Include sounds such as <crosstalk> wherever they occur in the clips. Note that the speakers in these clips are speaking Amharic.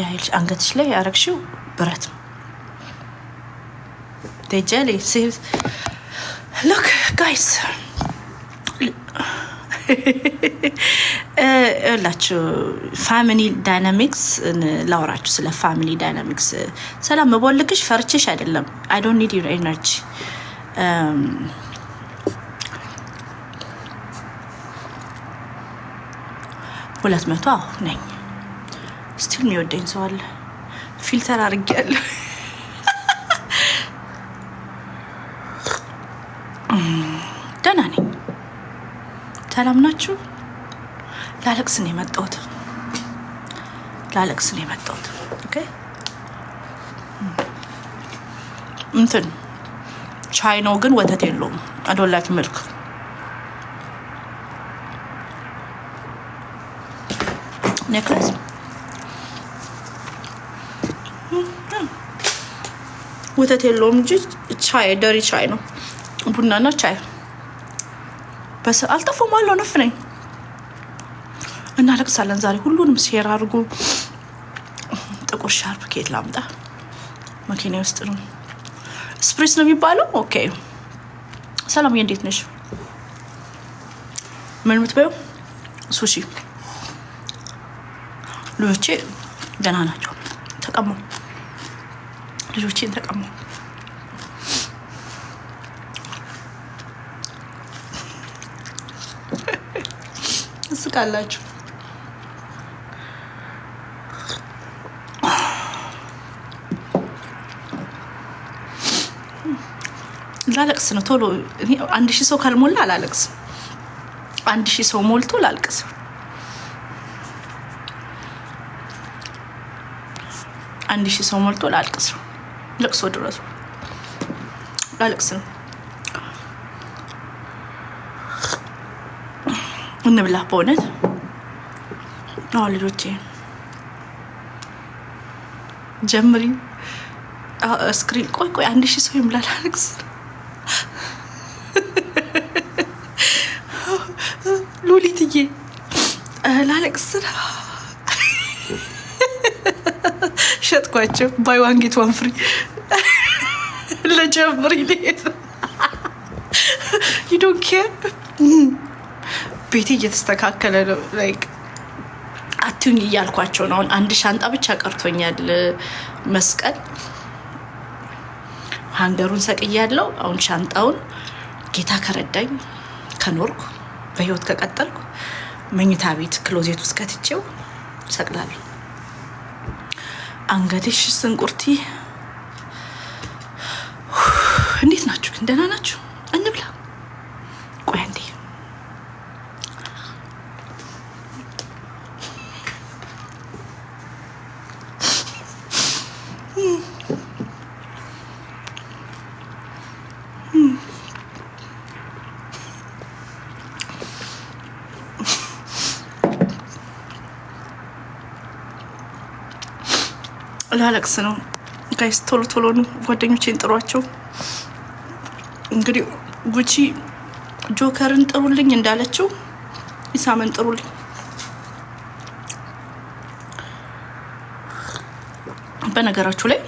ያይልሽ አንገትሽ ላይ ያረግሽው ብረት ነው። ቴጀሊ ሴቭ ሎክ ጋይስ ላችሁ ፋሚሊ ዳይናሚክስ ላውራችሁ። ስለ ፋሚሊ ዳይናሚክስ ሰላም መቦልክሽ ፈርቼሽ አይደለም። አይ ዶንት ኒድ ዩር ኤነርጂ ሁለት መቶ አሁ ነኝ ስቲል የሚወደኝ ሰው አለ። ፊልተር አድርጌያለሁ። ደህና ነኝ። ሰላም ናችሁ? ላለቅስ ነው የመጣሁት። ላለቅስ ነው የመጣሁት። ኦኬ እንትን ነው ግን ወተት የለውም። አዶላጅ ምልክ ኔክለስ ወተት የለውም እንጂ ቻይ ደሪ ቻይ ነው። ቡናና ቻይ በስ አልጠፋም አለው ነፍ ነኝ እናለቅሳለን። ዛሬ ሁሉንም ሴር አድርጉ። ጥቁር ሻርፕ ኬት ላምጣ መኪና ውስጥ ነው። ስፕሬስ ነው የሚባለው። ኦኬ ሰላም፣ እንዴት ነሽ? ምን የምትበዩ? ሱሺ ልጆቼ ደህና ናቸው። ተቀመው ልጆቼን ተቀማ እስቃላችሁ። ላለቅስ ነው ቶሎ። አንድ ሺህ ሰው ካልሞላ አላለቅስ። አንድ ሺህ ሰው ሞልቶ ላልቅስ። አንድ ሺህ ሰው ሞልቶ ላልቅስ። ልቅሶ ድረሱ። ላለቅስ ነው። እንብላ በእውነት አዎ፣ ልጆቼ ጀምሪ። ስክሪን ቆይ ቆይ፣ አንድ ሺህ ሰው ይምላል። አለቅስ ሉሊትዬ፣ ላለቅስ ሸጥኳቸው። ባይ ዋን ጌት ዋን ፍሪ ልጀምር ይሄድ ይዶንኬ ቤቴ እየተስተካከለ ነው። ላይክ አትሁኝ እያልኳቸው ነው። አሁን አንድ ሻንጣ ብቻ ቀርቶኛል። መስቀል ሀንገሩን ሰቅያለው። አሁን ሻንጣውን ጌታ ከረዳኝ ከኖርኩ በህይወት ከቀጠልኩ መኝታ ቤት ክሎዜት ውስጥ ከትቼው ሰቅላለሁ። አንገትሽ ስንቁርቲ ደህና ናችሁ? እንብላ። ቆይ እንዴ ላለቅስ ነው ጋይስ። ቶሎ ቶሎ ጓደኞቼን ጥሯቸው። እንግዲህ ጉቺ ጆከርን ጥሩልኝ እንዳለችው ኢሳምን ጥሩልኝ። በነገራችሁ ላይ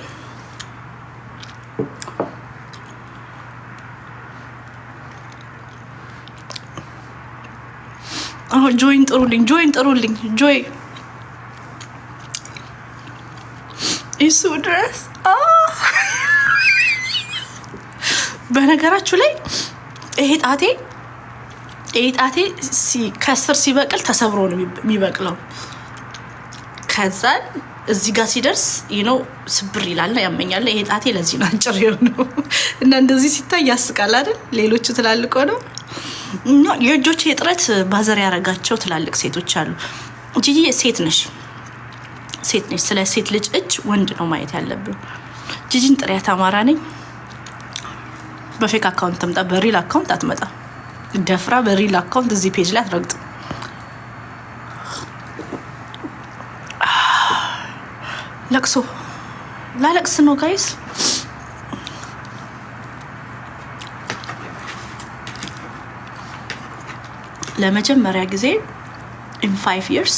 አሁን ጆይን ጥሩልኝ፣ ጆይን ጥሩልኝ። ጆይ ኢሱ ድረስ በነገራችሁ ላይ ይሄ ጣቴ ይሄ ጣቴ ከስር ሲበቅል ተሰብሮ ነው የሚበቅለው። ከዛ እዚህ ጋር ሲደርስ ይነው ስብር ይላልና ያመኛል። ይሄ ጣቴ ለዚህ ነው አጭር የሆነው እና እንደዚህ ሲታይ ያስቃል አይደል? ሌሎቹ ትላልቆ ነው የእጆች የጥረት ባዘር ያደረጋቸው ትላልቅ ሴቶች አሉ። ጂጂ ሴት ነሽ፣ ሴት ነሽ። ስለ ሴት ልጅ እጅ ወንድ ነው ማየት ያለብን። ጂጂን ጥሪያት አማራ ነኝ። በፌክ አካውንት ትምጣ፣ በሪል አካውንት አትመጣ። ደፍራ በሪል አካውንት እዚህ ፔጅ ላይ አትረግጥም። ለቅሶ ላለቅስ ነው ጋይስ። ለመጀመሪያ ጊዜ ኢን ፋይቭ ይርስ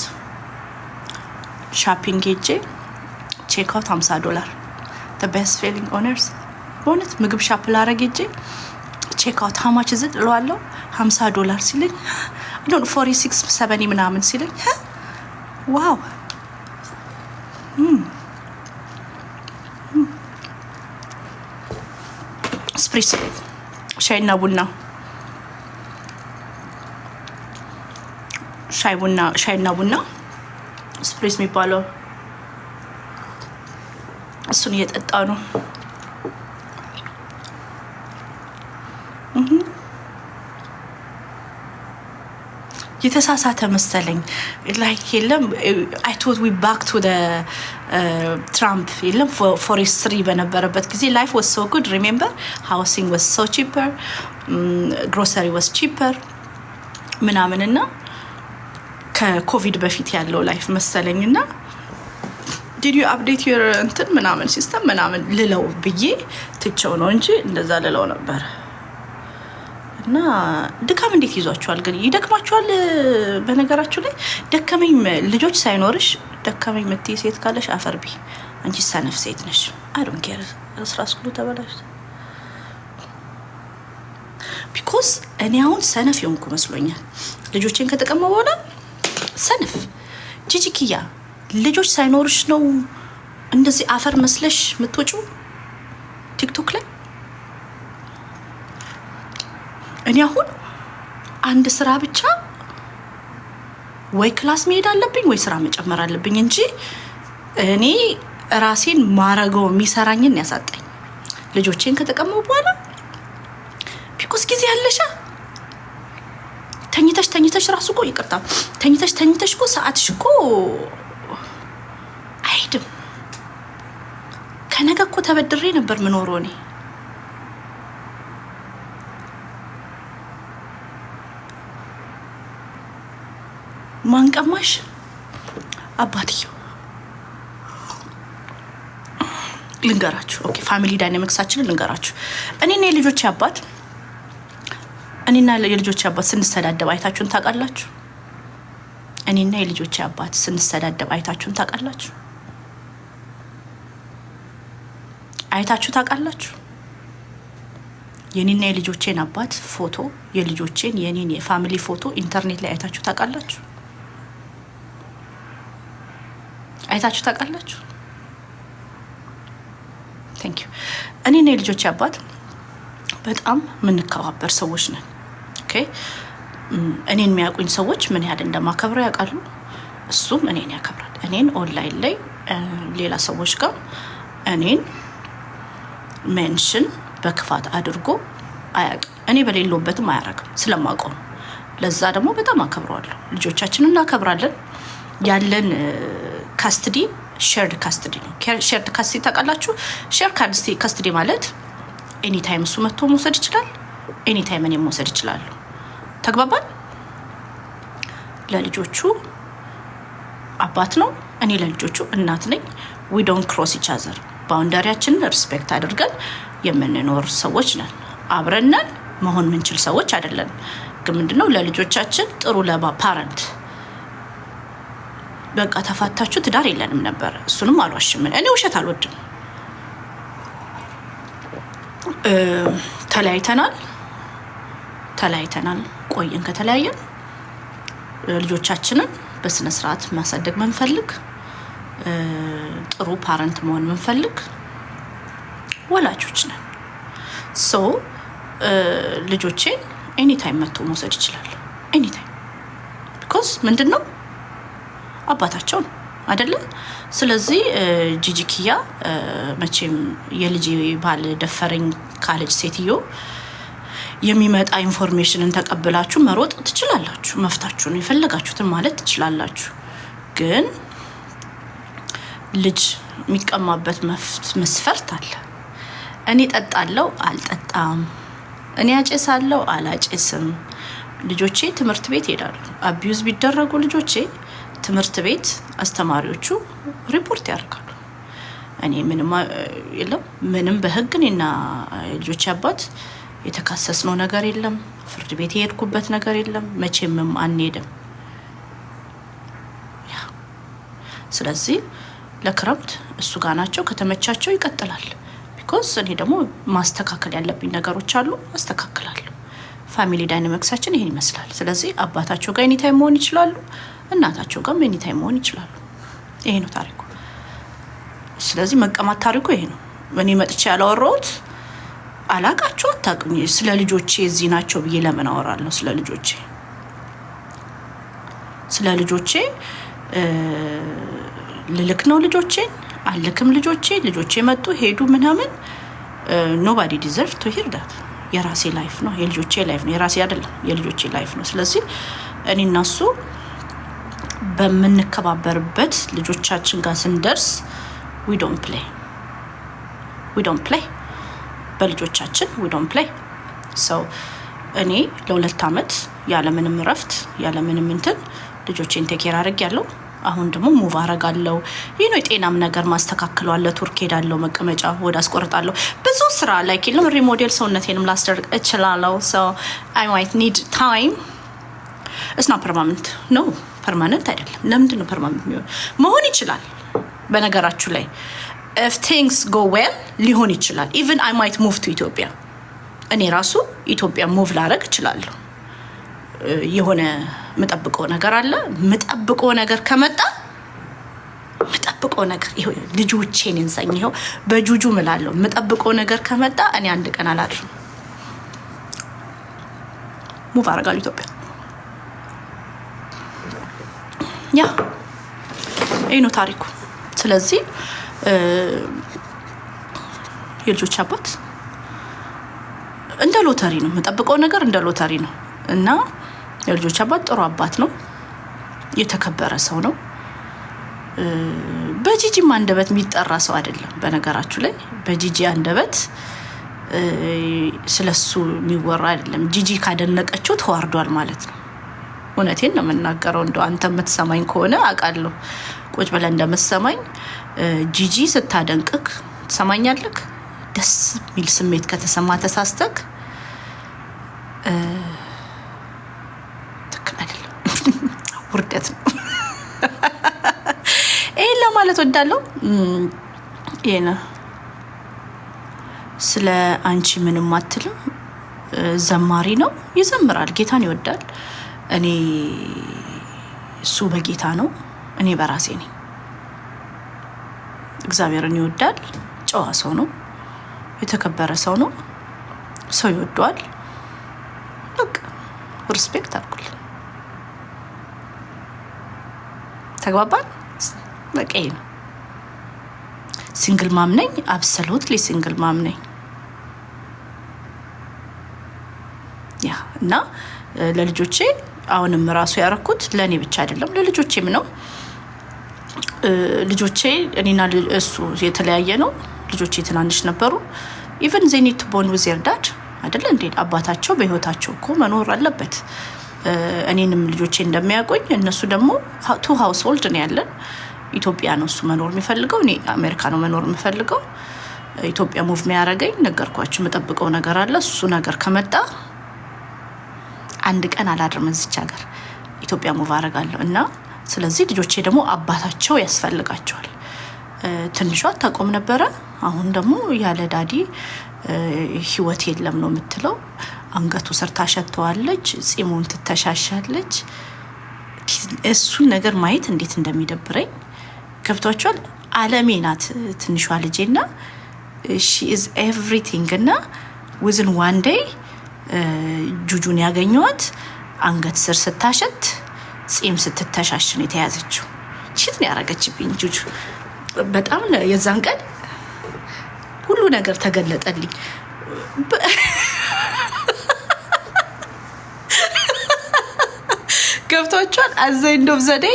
ሻፒንግ ሄጄ ቼክ አውት 50 ዶላር ቤስት ፌሊንግ ኦነርስ በእውነት ምግብ ሻፕ ላረግ ሄጄ ቼክ አውት ሀማች ዝጥ እለዋለሁ። ሀምሳ ዶላር ሲለኝ ዶን ፎሪ ሲክስ ሰበኒ ምናምን ሲለኝ ዋው ስፕሪስ ሻይና ቡና ሻይ ቡና ሻይና ቡና ስፕሪስ የሚባለው እሱን እየጠጣ ነው። የተሳሳተ መሰለኝ። ላይክ የለም አይ ቶት ዊ ባክ ቱ ትራምፕ የለም ፎሬስትሪ በነበረበት ጊዜ ላይፍ ወስ ሶ ጉድ ሪሜምበር ሃውሲንግ ወስ ሶ ቺፐር ግሮሰሪ ወስ ቺፐር ምናምን እና ከኮቪድ በፊት ያለው ላይፍ መሰለኝ እና ዲድ ዩ አፕዴት ዩር እንትን ምናምን ሲስተም ምናምን ልለው ብዬ ትቸው ነው እንጂ እንደዛ ልለው ነበር። እና ድካም እንዴት ይዟችኋል? ግን ይደክማችኋል። በነገራችሁ ላይ ደከመኝ ልጆች ሳይኖርሽ ደከመኝ የምትይ ሴት ካለሽ አፈርቢ፣ አንቺ ሰነፍ ሴት ነሽ። አይዶን ኬር ስራ ስኩሉ ተበላሽ። ቢኮዝ እኔ አሁን ሰነፍ የሆንኩ መስሎኛል። ልጆችን ከጠቀመ በኋላ ሰነፍ ጂጂኪያ፣ ልጆች ሳይኖርሽ ነው እንደዚህ አፈር መስለሽ የምትወጪው ቲክቶክ ላይ እኔ አሁን አንድ ስራ ብቻ ወይ ክላስ መሄድ አለብኝ ወይ ስራ መጨመር አለብኝ እንጂ እኔ ራሴን ማረገው የሚሰራኝን ያሳጣኝ ልጆቼን ከተቀመው በኋላ ቢኮስ ጊዜ ያለሻ ተኝተሽ ተኝተሽ ራሱ እኮ ይቅርታ ተኝተሽ ተኝተሽ እኮ ሰዓትሽ እኮ አይሄድም። ከነገ እኮ ተበድሬ ነበር ምኖሮ እኔ ቀማሽ? አባትየው ልንገራችሁ። ኦኬ ፋሚሊ ዳይናሚክሳችንን ልንገራችሁ። እኔና የልጆች አባት እኔና የልጆች አባት ስንሰዳደብ አይታችሁን ታውቃላችሁ? እኔና የልጆች አባት ስንሰዳደብ አይታችሁን ታውቃላችሁ? አይታችሁ ታውቃላችሁ? የኔና የልጆቼን አባት ፎቶ የልጆቼን የኔን የፋሚሊ ፎቶ ኢንተርኔት ላይ አይታችሁ ታውቃላችሁ? አይታችሁ ታውቃላችሁ? ቴንክ ዩ። እኔና የልጆች አባት በጣም የምንከባበር ሰዎች ነን። ኦኬ እኔን የሚያውቁኝ ሰዎች ምን ያህል እንደማከብረው ያውቃሉ። እሱም እኔን ያከብራል። እኔን ኦንላይን ላይ ሌላ ሰዎች ጋር እኔን ሜንሽን በክፋት አድርጎ አያውቅም። እኔ በሌለውበትም አያረግም ስለማውቀው ነው። ለዛ ደግሞ በጣም አከብረዋለሁ። ልጆቻችንን እናከብራለን። ያለን ካስትዲ፣ ሸርድ ካስትዲ ነው። ሸርድ ካስትዲ ታውቃላችሁ። ሸርድ ካስትዲ ማለት ኤኒታይም እሱ መጥቶ መውሰድ ይችላል፣ ኤኒታይም እኔም መውሰድ ይችላሉ። ተግባባል። ለልጆቹ አባት ነው፣ እኔ ለልጆቹ እናት ነኝ። ዊ ክሮስ ኢች አዘር ባውንዳሪያችንን ሪስፔክት አድርገን የምንኖር ሰዎች ነን። አብረነን መሆን ምንችል ሰዎች አይደለን። ግን ምንድነው ለልጆቻችን ጥሩ ለባ ፓረንት በቃ ተፋታችሁ ትዳር የለንም ነበር። እሱንም አልዋሽምን እኔ ውሸት አልወድም። ተለያይተናል ተለያይተናል ቆየን። ከተለያየን ልጆቻችንን በስነ ስርዓት ማሳደግ ምንፈልግ ጥሩ ፓረንት መሆን ምንፈልግ ወላጆች ነን። ሶ ልጆቼን ኤኒታይም መጥቶ መውሰድ ይችላል። ኤኒታይም ቢኮዝ ምንድን ነው አባታቸው ነው አይደለ? ስለዚህ ጂጂ ኪያ መቼም የልጅ ባል ደፈረኝ ካለች ሴትዮ የሚመጣ ኢንፎርሜሽንን ተቀብላችሁ መሮጥ ትችላላችሁ። መፍታችሁን የፈለጋችሁትን ማለት ትችላላችሁ። ግን ልጅ የሚቀማበት መስፈርት አለ። እኔ ጠጣለው አልጠጣም፣ እኔ አለው አላጨስም፣ ልጆቼ ትምህርት ቤት ይሄዳሉ፣ አቢዩዝ ቢደረጉ ልጆቼ ትምህርት ቤት አስተማሪዎቹ ሪፖርት ያደርጋሉ። እኔ ምንም የለም ምንም በህግ እኔና ልጆች አባት የተካሰስነው ነገር የለም። ፍርድ ቤት የሄድኩበት ነገር የለም። መቼምም አንሄድም። ስለዚህ ለክረምት እሱ ጋር ናቸው። ከተመቻቸው ይቀጥላል። ቢኮዝ እኔ ደግሞ ማስተካከል ያለብኝ ነገሮች አሉ፣ አስተካክላለሁ። ፋሚሊ ዳይናሚክሳችን ይሄን ይመስላል። ስለዚህ አባታቸው ጋር ኒታይ መሆን ይችላሉ። እናታቸው ጋር ሜኒታይም መሆን ይችላሉ። ይሄ ነው ታሪኩ። ስለዚህ መቀማት ታሪኩ ይሄ ነው። እኔ መጥቼ ያላወራሁት አላቃቸው አታውቅም። ስለ ልጆቼ እዚህ ናቸው ብዬ ለምን አወራለሁ? ስለ ልጆቼ ስለ ልጆቼ ልልክ ነው ልጆቼን አልክም ልጆቼ ልጆቼ መጡ ሄዱ ምናምን ኖባዲ ዲዘርቭ ቱ ሂር ዳት የራሴ ላይፍ ነው የልጆቼ ላይፍ ነው የራሴ አይደለም የልጆቼ ላይፍ ነው ስለዚህ እኔ እና በምንከባበርበት ልጆቻችን ጋር ስንደርስ ዊዶን ፕሌይ ዊዶን ፕሌይ በልጆቻችን ዊዶን ፕሌይ ሰው እኔ ለሁለት ዓመት ያለምንም እረፍት ያለምንም እንትን ልጆቼን ቴኬር አድርግ ያለው አሁን ደግሞ ሙቭ አረጋለው። ይህ ነው የጤናም ነገር ማስተካከለዋለ። ቱርክ ሄዳለው፣ መቀመጫ ወደ አስቆርጣለሁ። ብዙ ስራ ላይ ኪልም ሪሞዴል ሰውነቴንም ላስደርግ እችላለው። ሰው አይ ማይት ኒድ ታይም እስና ፐርማነንት ነው። ፐርማነንት አይደለም። ለምንድን ነው ፐርማነንት የሚሆን? መሆን ይችላል። በነገራችሁ ላይ ኢፍ ቲንግስ ጎ ዌል ሊሆን ይችላል። ኢቨን አይ ማይት ሙቭ ቱ ኢትዮጵያ፣ እኔ ራሱ ኢትዮጵያ ሙቭ ላረግ እችላለሁ። የሆነ ምጠብቀው ነገር አለ። ምጠብቀው ነገር ከመጣ ምጠብቀው ነገር ይኸው ልጆቼን እንሰኝ ይሄው በጁጁ ምላለሁ። ምጠብቀው ነገር ከመጣ እኔ አንድ ቀን አላድርም ሙቭ አረጋለሁ። ያ ይህ ነው ታሪኩ። ስለዚህ የልጆች አባት እንደ ሎተሪ ነው የምጠብቀው ነገር እንደ ሎተሪ ነው እና የልጆች አባት ጥሩ አባት ነው፣ የተከበረ ሰው ነው። በጂጂ አንደበት የሚጠራ ሰው አይደለም። በነገራችሁ ላይ በጂጂ አንደበት ስለሱ የሚወራ አይደለም። ጂጂ ካደነቀችው ተዋርዷል ማለት ነው። እውነቴን ነው የምናገረው። እንደ አንተ የምትሰማኝ ከሆነ አውቃለሁ፣ ቁጭ ብለህ እንደምትሰማኝ ጂጂ ስታደንቅክ ትሰማኛለክ። ደስ የሚል ስሜት ከተሰማ ተሳስተክ ትክክል አይደለም፣ <laughs> ውርደት ነው። <laughs> ይህን ለማለት ወዳለው ይነ ስለ አንቺ ምንም አትልም። ዘማሪ ነው፣ ይዘምራል፣ ጌታን ይወዳል። እኔ እሱ በጌታ ነው፣ እኔ በራሴ ነኝ። እግዚአብሔርን ይወዳል። ጨዋ ሰው ነው። የተከበረ ሰው ነው። ሰው ይወደዋል። በቃ ሪስፔክት አልኩል። ተግባባን። በቃ ይሄ ነው። ሲንግል ማም ነኝ። አብሰሉትሊ ሲንግል ማም ነኝ። ያ እና ለልጆቼ አሁንም ራሱ ያረኩት ለእኔ ብቻ አይደለም፣ ለልጆቼም ነው። ልጆቼ እኔና እሱ የተለያየ ነው። ልጆቼ ትናንሽ ነበሩ። ኢቨን ዜኒት ቦን ውዜርዳድ ርዳድ አይደለ እንዴ? አባታቸው በህይወታቸው እኮ መኖር አለበት። እኔንም ልጆቼ እንደሚያውቁኝ እነሱ ደግሞ ቱ ሀውስ ሆልድ ነው ያለን። ኢትዮጵያ ነው እሱ መኖር የሚፈልገው፣ እኔ አሜሪካ ነው መኖር የምፈልገው። ኢትዮጵያ ሙቭ የሚያደርገኝ ነገርኳቸው፣ የምጠብቀው ነገር አለ። እሱ ነገር ከመጣ አንድ ቀን አላድርም እዚች ሀገር ኢትዮጵያ ሙቭ አደርጋለሁ እና ስለዚህ ልጆቼ ደግሞ አባታቸው ያስፈልጋቸዋል። ትንሿ አታቆም ነበረ። አሁን ደግሞ ያለ ዳዲ ህይወት የለም ነው የምትለው። አንገቱ ስር ታሸተዋለች፣ ጺሙን ትተሻሻለች። እሱን ነገር ማየት እንዴት እንደሚደብረኝ ገብቷቸዋል። አለሜ ናት ትንሿ ልጄ ና ሺ ኢዝ ኤቭሪቲንግ እና ዊዝን ዋን ዴይ ጁጁን ያገኘዋት አንገት ስር ስታሸት ፂም ስትተሻሽን የተያዘችው ቺት ነው ያደረገችብኝ ጁጁ። በጣም የዛን ቀን ሁሉ ነገር ተገለጠልኝ። ገብቷቸዋል። አዘ እንደው ዘዴ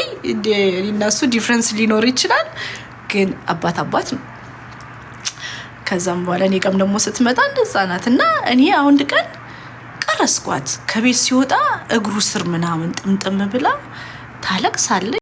እነሱ ዲፍረንስ ሊኖር ይችላል፣ ግን አባት አባት ነው። ከዛም በኋላ እኔ ቀም ደግሞ ስትመጣ እንደዛ ናት እና እኔ አሁን ቀን ያስኳት። ከቤት ሲወጣ እግሩ ስር ምናምን ጥምጥም ብላ ታለቅሳለች።